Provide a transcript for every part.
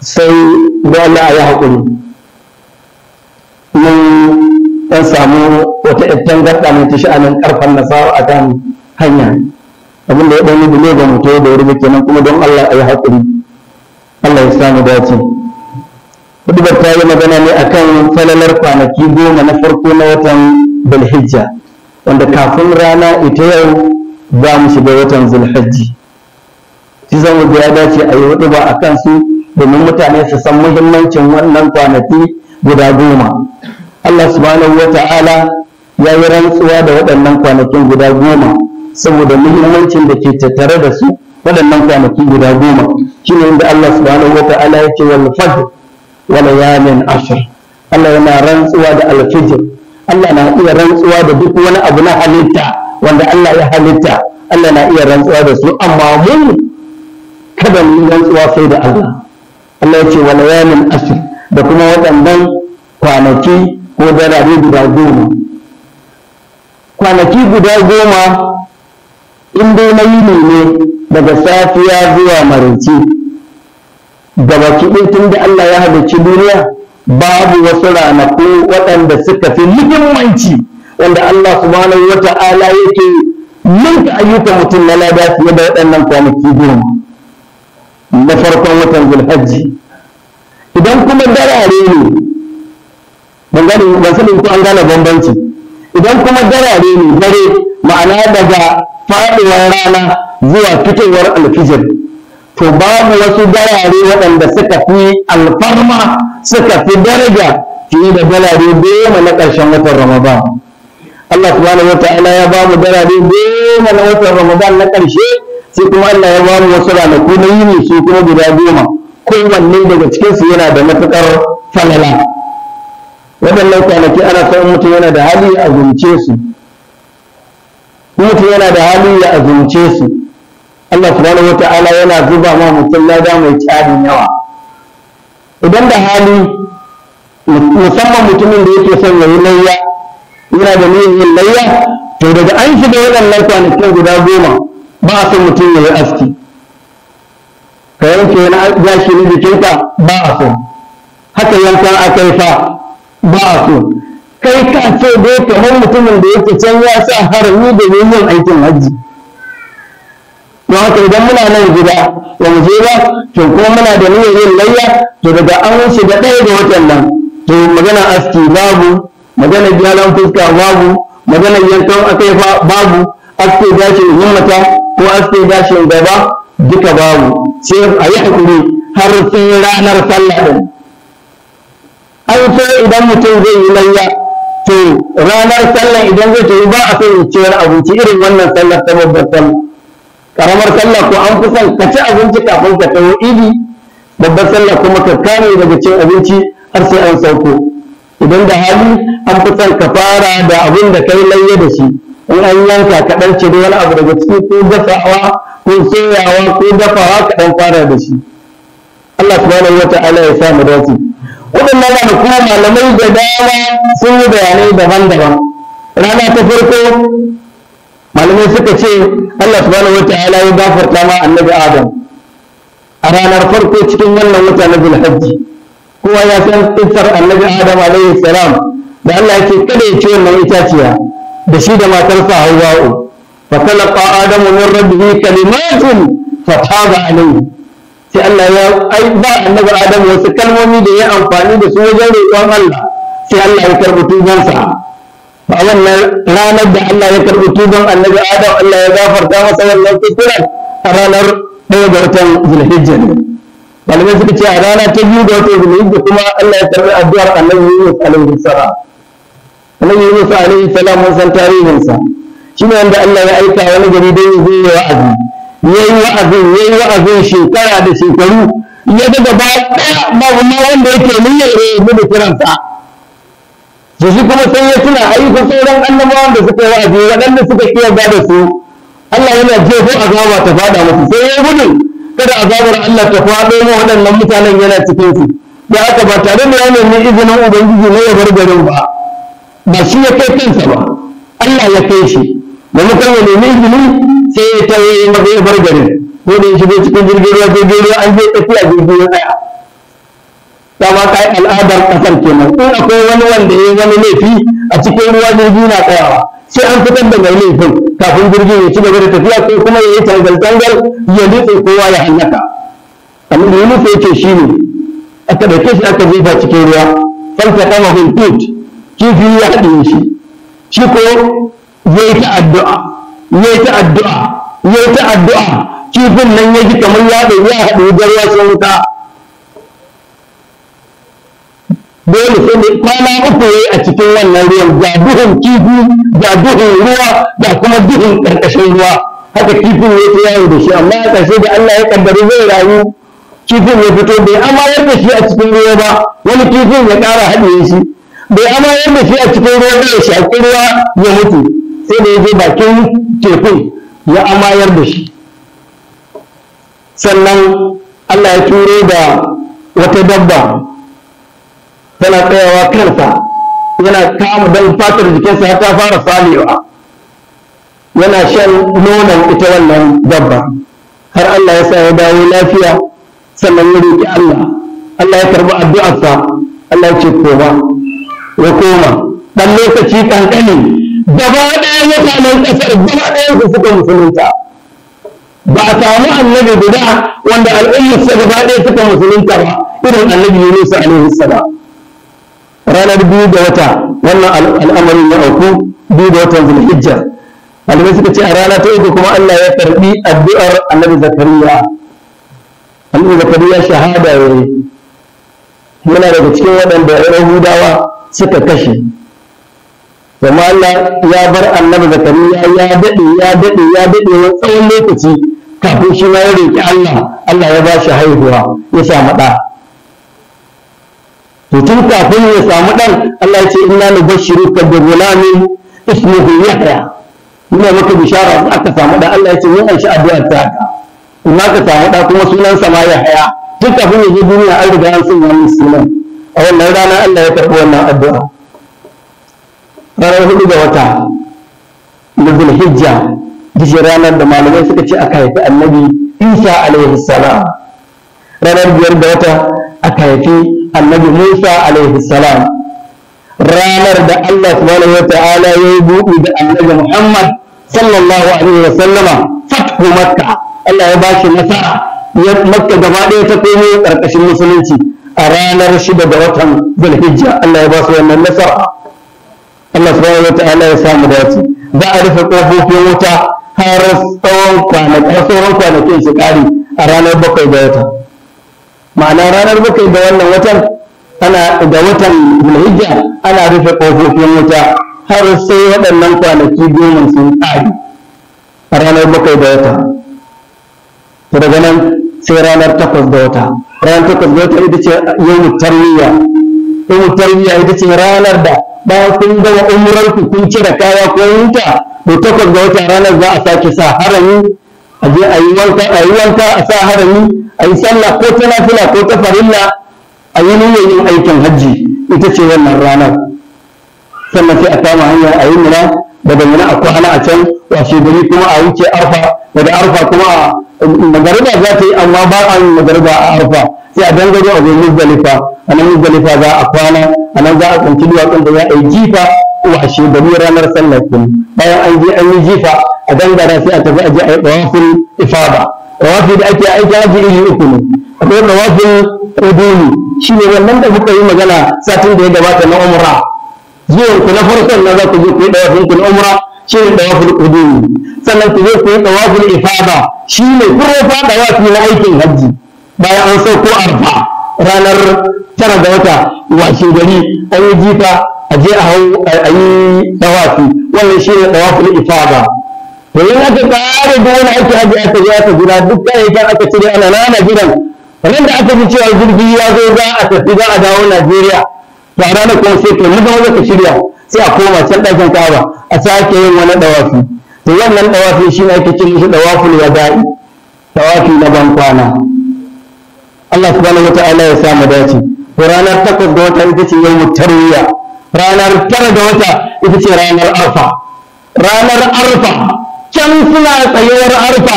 sai da Allah ya haƙuri mun ɗan samu wata ɗan gaɗa mai ta sha'anin ƙarfan nasara a kan hanya abin da ya ɗan yi ga mutu da wuri kenan kuma don Allah ya haƙuri Allah ya samu dace Hudubar ta yi magana ne akan falalar kwanaki goma na farko na watan Bilhijja wanda kafin rana ita yau za mu shiga watan Zulhajji. Shi zan ya dace a yi hudu ba a kansu domin mutane su san muhimmancin wannan kwanaki guda goma Allah subhanahu wa ta'ala ya yi rantsuwa da waɗannan kwanakin guda goma saboda muhimmancin da ke tattare da su waɗannan kwanaki guda goma shine inda Allah subhanahu wa ta'ala ya ce wal fajr wa layalin ashr Allah yana rantsuwa da alfijir Allah na iya rantsuwa da duk wani abu na halitta wanda Allah ya halitta Allah na iya rantsuwa da su amma mun kada mu rantsuwa sai da Allah Allah ya ce wa layalin asir da kuma waɗannan kwanaki ko darare guda goma kwanaki guda goma in dai na yi ne daga safiya zuwa maraice da baki ɗin tun Allah ya halicci duniya babu wasu ranaku waɗanda suka fi muhimmanci wanda Allah subhanahu wa ta'ala yake yanka ayyukan mutum na lada fiye da waɗannan kwanaki goma na farkon watan zulhajji idan kuma darare ne ban sanin ko an gane bambanci idan kuma darare ne dare ma'ana daga faɗuwar rana zuwa fitowar alfijir to babu wasu darare waɗanda suka fi alfarma suka fi daraja fiye da darare goma na ƙarshen watan ramadan Allah subhanahu wata'ala ya ba mu darare goma na watan Ramadan na ƙarshe sai kuma Allah ya ba mu wasu ranaku na yini su kuma guda goma kowanne daga cikinsu yana da matuƙar falala waɗannan kwanaki ana son mutum yana da hali ya azumce su mutum yana da hali ya azumce su Allah subhanahu wata'ala yana zuba ma mutum lada mai tsarin yawa idan da hali musamman mutumin da yake son ya yi yana da niyyar yin layya to daga an shiga waɗannan kwanakin guda goma ba a son mutum ya yi aski ka yanke wani gashi na jikinka ba a so haka yankan yi fa ba a so kai ka ce dai kamar mutumin da yake can ya sa harami da yin aikin hajji don haka idan muna nan gida ba mu je ba to kuma muna da niyyar yin layya to daga an shiga ɗaya ga watan nan to magana aski babu maganar gyaran fuska babu maganar yankan akaifa babu aske gashin himmata ko aske gashin gaba duka babu sai a yi hakuri har sai ranar sallah din an so idan mutum zai yi layya to ranar sallah idan zai tafi ba a so ya ciyar abinci irin wannan sallar ta babbar karamar sallah ko an fi son ka ci abinci kafin ka tawo idi babbar sallah kuma ka kame daga cin abinci har sai an sauko idan da hali an fi son ka fara da abin da kai laye da shi in an yanka ka dan cire wani abu daga ciki ko dafawa ko soyawa ko dafawa ka dan fara da shi Allah subhanahu wata'ala ya sa mu dace waɗannan kuma malamai da dama sun yi bayanai daban-daban rana ta farko malamai suka ce Allah subhanahu wata'ala ya gafarta ma annabi Adam a ranar farko cikin wannan wata na Zulhajji kowa ya san kissar annabi adam alaihi salam da Allah yake kada ya ci wannan itaciya da shi da matarsa hawwa'u fa talaqa adamu min rabbihi kalimatun taba alaihi sai Allah ya ai ba annabi adam wasu kalmomi da ya amfani da su wajen roƙon Allah sai Allah ya karɓi tubansa a wannan ranar da Allah ya karɓi tuban annabi adam Allah ya gafarta masa wannan kuskuren a ranar ɗaya ga watan zulhijja ne malamai suka ce a rana ta biyu da wata yanzu da kuma Allah ya karɓi addu'ar annabi Yunus alaihi salam annabi Yunus alaihi salam mun san tarihin sa shine wanda Allah ya aika wani gari don ya zo ya wa'azi yayi ya yi wa'azin shekara da shekaru ya ga gaba ɗaya babu ma wanda yake niyyar ya yi da kiransa da shi kuma sai ya tuna ayyukan sauran annabawan da suka yi wa'azi waɗanda suka kiyar da su Allah yana jefo azaba ta faɗa musu sai ya gudu kada azabar Allah ta faɗo mu waɗannan mutanen yana cikin su da aka ba tare da yana ne izinin ubangiji na ya bar garin ba ba shi ya kai kansa ba Allah ya kai shi da mutum ya nemi izini sai ya tawaye ya bar garin ko da ya shigo cikin jirgin ruwa jirgin ruwa an je tafiya jirgin ruwa dama ka yi al'adar ƙasar kenan in akwai wani wanda ya wani laifi a cikin ruwa jirgi na tsayawa sai an fitar da mai laifin kafin jirgin ya ci gaba da tafiya ko kuma ya yi tangal-tangal ya nutse kowa ya hallaka kamar da yunus ya ce shi ne aka dauke shi aka jefa cikin ruwa falta kama hulkut kifi ya haɗe shi shi ko ya yi ta addu'a ya yi ta addu'a ya yi ta addu'a kifin nan ya ji kamar ya haɗe ya haɗe garwa sun ka. dole sai kwana uku yayi a cikin wannan ruwan ga duhun kifi ga duhun ruwa ga kuma duhun ƙarƙashin ruwa haka kifin ya ta yawo da shi amma a ƙarshe da Allah ya kaddara zai rayu kifin ya fito bai amayar da shi a cikin ruwa ba wani kifin ya ƙara haɗiye shi bai amayar da shi a cikin ruwa ba ya shaƙi ruwa ya mutu sai da ya je bakin tekun ya amayar da shi sannan Allah ya turo da wata dabba tana tsayawa kansa yana kama don fatar jikinsa har ta fara salewa yana shan nonon ita wannan dabba har Allah ya sa ya dawo lafiya sannan ya roƙi Allah Allah ya karɓi addu'arsa Allah ya ce koma ya koma dan lokaci kankani gaba ɗaya mutanen ƙasar gaba ɗayan su suka musulunta ba a samu annabi guda wanda al'ummar sa gaba ɗaya suka musulunta ba irin annabi Yunus alaihi salam ranar biyu da wata wannan al'amarin ya auku biyu da watan zulhijja malamai suka ce a rana ta uku kuma Allah ya karbi addu'ar annabi zakariya annabi zakariya shahada ya yi yana daga cikin waɗanda ra'u-hudawa suka kashe kuma Allah ya bar annabi zakariya ya daɗe ya daɗe ya daɗe wani tsawon lokaci kafin shi ma ya roƙi Allah Allah ya ba shi haihuwa ya samu ɗa tun kafin ya samu dan Allah ya ce inna nubashshiruka bi ghulamin ismuhu yahya Ina maka bishara aka samu dan. Allah ya ce mun aishi addu'a ta in aka samu da kuma sunan sa ma yahya tun kafin ya je duniya an riga an san wannan sunan a wannan rana Allah ya karbi wannan addu'a ranar hudu ga wata na zulhijja dishe ranar da malamai suka ce aka haifi annabi isa alaihi salam ranar biyar ga wata aka haifi annabi Musa alaihi salam ranar da Allah subhanahu wa ta'ala ya yi buɗi da annabi Muhammad sallallahu alaihi wa sallama fathu makka Allah ya bashi nasara ya makka gaba ɗaya ta komo ƙarƙashin musulunci a ranar shida da watan zulhijja Allah ya basu su wannan nasara Allah subhanahu wa ta'ala ya samu dace za a rufe ƙofofin wuta har tsawon kwanaki sauran kwanakin su ƙari a ranar bakwai da wata ma'ana ranar bakwai da wannan watan ana da watan zulhijja ana rufe ƙofofin wuta har sai waɗannan kwanaki goma sun ƙari a ranar bakwai da wata to daga nan sai ranar takwas da wata ranar takwas da wata ita ce yau tarwiya yau tarwiya ita ce ranar da bayan kun gama umurarku kun cire kaya ko wuta to takwas da wata ranar za a sake sa harami a je a yi wanka a yi wanka a sa harami a yi sallah ko ta nafila ko ta farilla a yi niyyar yin aikin hajji ita ce wannan ranar sannan sai a kama hanyar a yi mura daga mura a kwana a can washe gari kuma a wuce arfa daga arfa kuma a magariba za ta yi amma ba a yi magariba a arfa sai a dangaro a zai muzdalifa a nan muzdalifa za a kwana a nan za a tsanci duwatsun da za a yi jifa washe gari ranar sallar bayan an je an yi jifa a gangara sai a tafi aje a yi ɗawafin ifada ɗawafi da ake aiki aji iri uku ne akwai wafin ƙuduni shi ne wannan da kuka yi magana satin da ya gabata na umra zuwan ku na farkon na za ku ku yi ɗawafin ku na umra shi ne ɗawafin ƙuduni sannan ku je ku yi ɗawafin ifada shi ne kurfa ɗawafi na aikin hajji bayan an ko arfa ranar tara ga wata washe gari an yi jifa a je a hau a yi ɗawafi wannan shi ne ɗawafin ifada to in aka ƙara da wani aiki haji aka je aka gida duk kayayyakin aka cire ana nana gidan kamar da aka fi cewa jirgi ya zo za a tafi za a dawo Najeriya to a ranar kuma sai to muka wanda ka shirya sai a koma can ɗakin Ka'aba a sake yin wani ɗawafi. to wannan dawafi shi ne ake cin shi dawafin wada'i dawafi na ban kwana Allah subhanahu Ta'ala ya sa mu dace to ranar takwas da wata ita ce yau tarwiya ranar tara da wata ita ce ranar arfa ranar arfa can suna tsayuwar arfa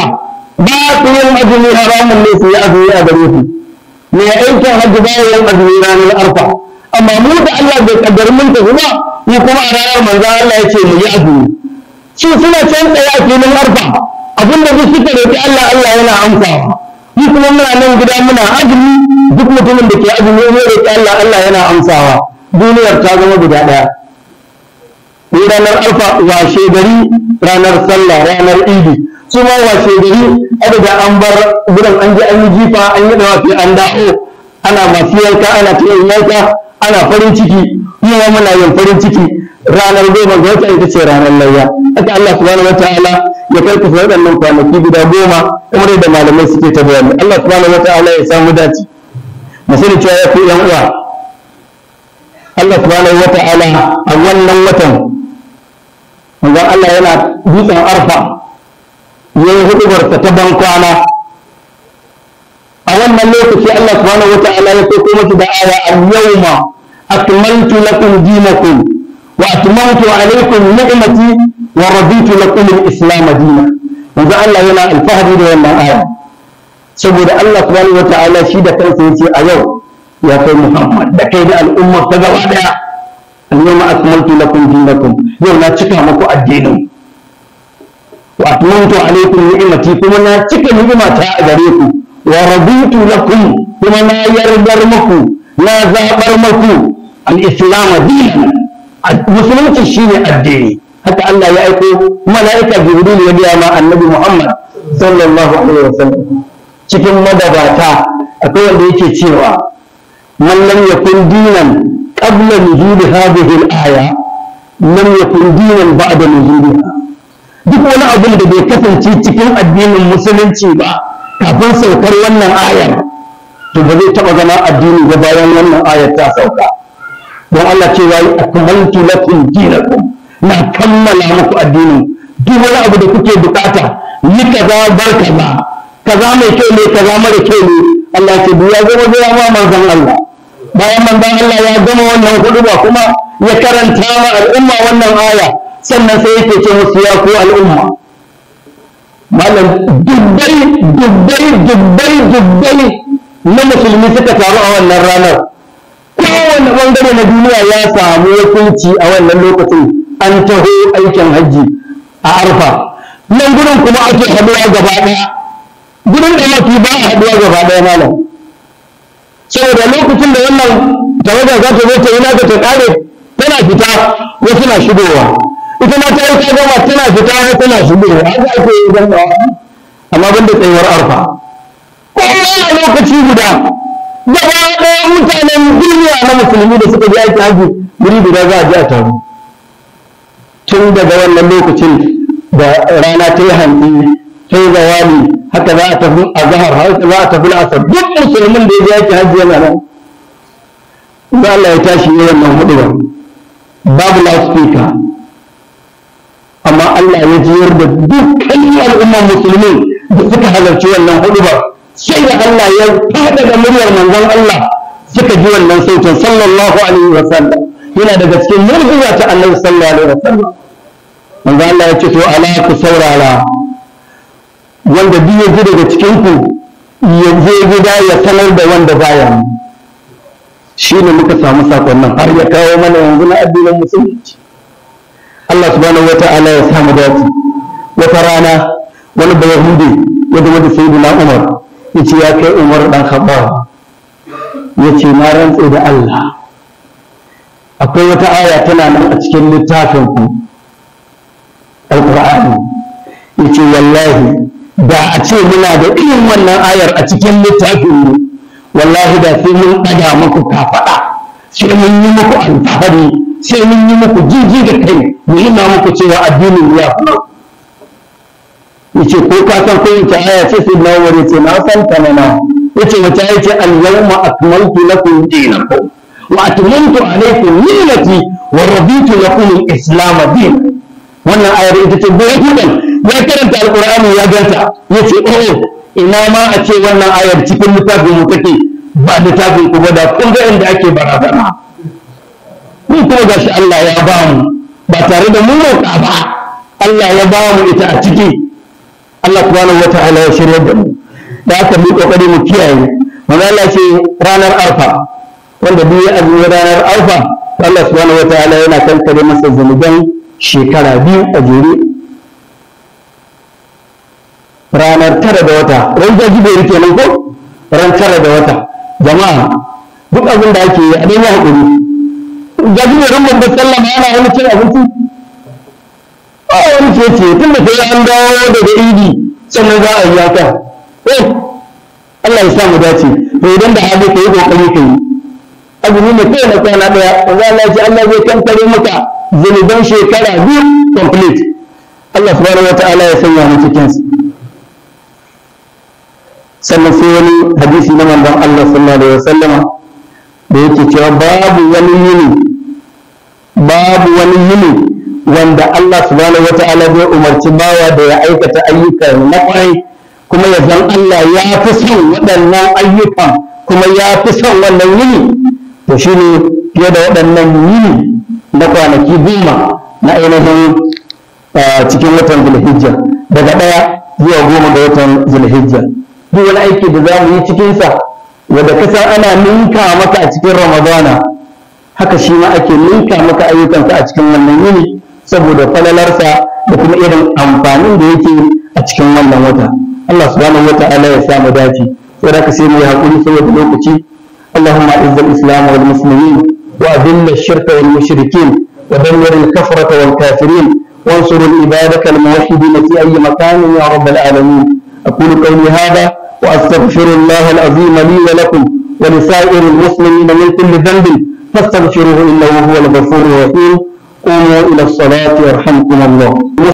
ba su yin azumi haramun ne su yi azumi a gare su me aikin hajji ba yin azumi ranar arfa amma mu da Allah bai kaddar mun tafi ba ni kuma a ranar manzo Allah ya ce mu yi azumi shi suna can tsaye a filin arfa abinda duk suka roki Allah Allah yana amsawa ni kuma muna nan gida muna azumi duk mutumin da ke azumi ne roki Allah Allah yana amsawa duniyar ta zama guda ɗaya ko ranar alfa washe gari ranar sallah ranar idi su ma washe gari adaga an bar gudan an ji an yi jifa an yi dawafi an dawo ana masu yanka ana tuyin yanka ana farin ciki kuma muna yin farin ciki ranar goma ga wata ita ce ranar layya haka Allah subhanahu ta'ala ya kai kusa waɗannan kwanaki guda goma kuma da malamai suke ta bayani Allah subhanahu ta'ala ya samu dace mu sani cewa ya ku yan uwa Allah subhanahu wa ta'ala a wannan watan manzon Allah yana dutsen arfa ya yi hudubarsa ta ban kwana a wannan lokaci Allah subhanahu wa ta'ala ya sauko masa da awa a aya al-yawma akmaltu lakum dinakum wa a a alaykum ni'mati wa raditu na al-islam a dinan Yanzu Allah yana alfahari da wannan aya saboda Allah subhanahu wa ta'ala shi da kansa yace a yau ya kai Muhammad da kai da al'ummar ta gaba daya al-yawma akmaltu lakum dinakum yau na cika muku addinin wa atmamtu alaykum ni'mati kuma na cika ni'imata a gare ku wa raditu lakum kuma na yardar muku na zabar muku al-islam dinan musulunci shine addini haka Allah ya aiko mala'ika Jibril ya biya ma annabi Muhammad sallallahu alaihi wasallam cikin madabata akwai wanda yake cewa من لم يكن دينا قبل نزول هذه الآية لم يكن دينا بعد نزولها duk wani abin da bai kasance cikin addinin musulunci ba kafin saukar wannan ayar to ba zai taɓa zama addini ba bayan wannan ayar ta sauka don Allah ce yayi akmaltu lakum dinakum na kammala muku addini duk wani abu da kuke bukata ni kaza bar kaza kaza mai kyau ne kaza mara kyau ne Allah ce ya zama zama manzon Allah bayan manzon Allah ya gama wannan huduba kuma ya karanta wa al'umma wannan aya sannan sai yake ce musu ya ku al'umma malam dubbai dubbai dubbai dubbai na musulmi suka taru a wannan ranar kowane bangare na duniya ya samu wakilci a wannan lokacin an taho aikin hajji a arfa nan gudun kuma ake haɗuwa gaba ɗaya da fi ba a haɗuwa gaba ɗaya malam saboda lokacin da wannan tawaga za ta zo ta yi naka ta kare tana fita wasu na shigowa ita ma ta yi ta gama tana fita wasu tana shigowa haka ake yi gamawa amma ban da tsayuwar arfa ko a lokaci guda gaba ɗaya mutanen duniya na musulmi da suka je aiki haji guri guda za a je a taru tun daga wannan lokacin da rana ta yi hantsi sai zawali haka za a tafi azhar haka za a tafi la'asar duk musulmin da ya ji hajji yana nan sai Allah ya tashi yayin nan hudu babu loudspeaker amma Allah ya jiyar da dukkan al'ummar musulmi da suka halarci wannan hudu ba sai da Allah ya fada da muryar manzon Allah suka ji wannan sautin sallallahu alaihi wa sallam yana daga cikin murjiya ta Annabi sallallahu alaihi wa sallam manzon Allah ya ce to ala ku saurara wanda duk yanzu daga cikin ku ya gida ya sanar da wanda baya shi ne muka samu sakonnin har ya kawo mana yanzu na addinin musulunci Allah subhanahu wa ta'ala ya samu dace wata rana wani yahudi ya zama da na Umar ce ya kai Umar dan Ya ce na rantse da Allah akwai wata aya tana nan a cikin littafin ku al ya ce wallahi da a ce muna da irin wannan ayar a cikin littafin mu wallahi da sai mun ɗaga muku kafaɗa sai mun yi muku alfahari sai mun yi muku jiji da kai mu yi nuna muku cewa addinin ya kuma yace ko ka san ko ita aya ce sai na wuri ce na san ta na yace wata aya ce al-yawma akmaltu lakum dinakum wa atmamtu alaykum ni'mati wa raditu lakum al-islam din wannan ayar ita ce bai hudan ya karanta Alƙur'ani ya ganta ya ce oh ina ma a ce wannan ayar cikin littafin mu take ba littafin ku ba da kun ga inda ake barazana mun kuma gashi Allah ya ba mu ba tare da mun roƙa ba Allah ya ba mu ita a ciki Allah subhanahu wataala ya shirya da mu da aka mu kokari mu kiyaye Allah ce ranar arfa wanda duk ya azumi ranar arfa Allah subhanahu wataala yana kankare masa zanuban shekara biyu a jere ranar tara da wata ran jajiberu kenan ko ran tara da wata jama'a duk abin da ake yi a ɗan yi haƙuri jajiberun babba sallama yana wani cin abinci a wani ce ce tun da sai an dawo daga idi sannan za a yi haka eh Allah ya sa mu dace to idan da hali ka yi kokari ka yi azumi ne kai na kwana daya wanda Allah ya ce Allah zai kankare maka zunuban shekara biyu complete Allah subhanahu ta'ala ya sanya mu cikin su sannan sai wani hadisi na manzon Allah sallallahu alaihi wasallama da yake cewa babu wani yini babu wani yini wanda Allah subhanahu wata'ala zai umarci bawa da ya aikata ayyukan na kwarai kuma ya san Allah ya fi son waɗannan ayyukan kuma ya fi son wannan yini to shine fiye da waɗannan yini na kwanaki goma na ainihin ah, cikin watan zulhijja daga ɗaya zuwa goma da watan zulhijja duk wani aiki da za mu yi cikinsa wanda san ana ninka maka a cikin ramadana haka shi ma ake ninka maka ayyukansa a cikin wannan yini saboda falalarsa da kuma irin amfanin da yake a cikin wannan wata Allah subhanahu wa ta'ala ya sa mu dace sai da ka sai mu yi hakuri saboda lokaci اللهم اعز الاسلام والمسلمين واذل الشرك والمشركين kafrata wal kafirin وانصر عبادك الموحدين في اي مكان يا رب العالمين أقول قولي هذا وأستغفر الله العظيم لي ولكم ولسائر المسلمين من كل ذنب فاستغفروه إنه هو الغفور الرحيم قوموا إلى الصلاة يرحمكم الله